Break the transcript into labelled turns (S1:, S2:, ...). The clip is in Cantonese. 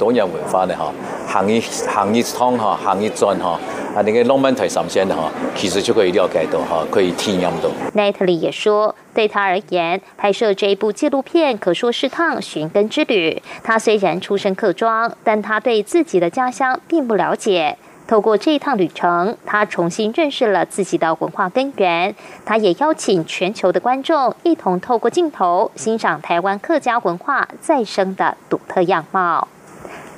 S1: 多元文化咧嚇，行熱行熱湯嚇，行熱樽嚇，啊你嘅浪漫台三線咧其實就可以瞭解到嚇，可以體
S2: 驗到。Natalie 也說，對他而言，拍攝這一部紀錄片可說是趟尋根之旅。他雖然出身客莊，但他對自己的家鄉並不了解。透過這一趟旅程，他重新認識了自己的文化根源。他也邀請全球的觀眾一同透過鏡頭欣賞台灣客家文化再生的獨特樣貌。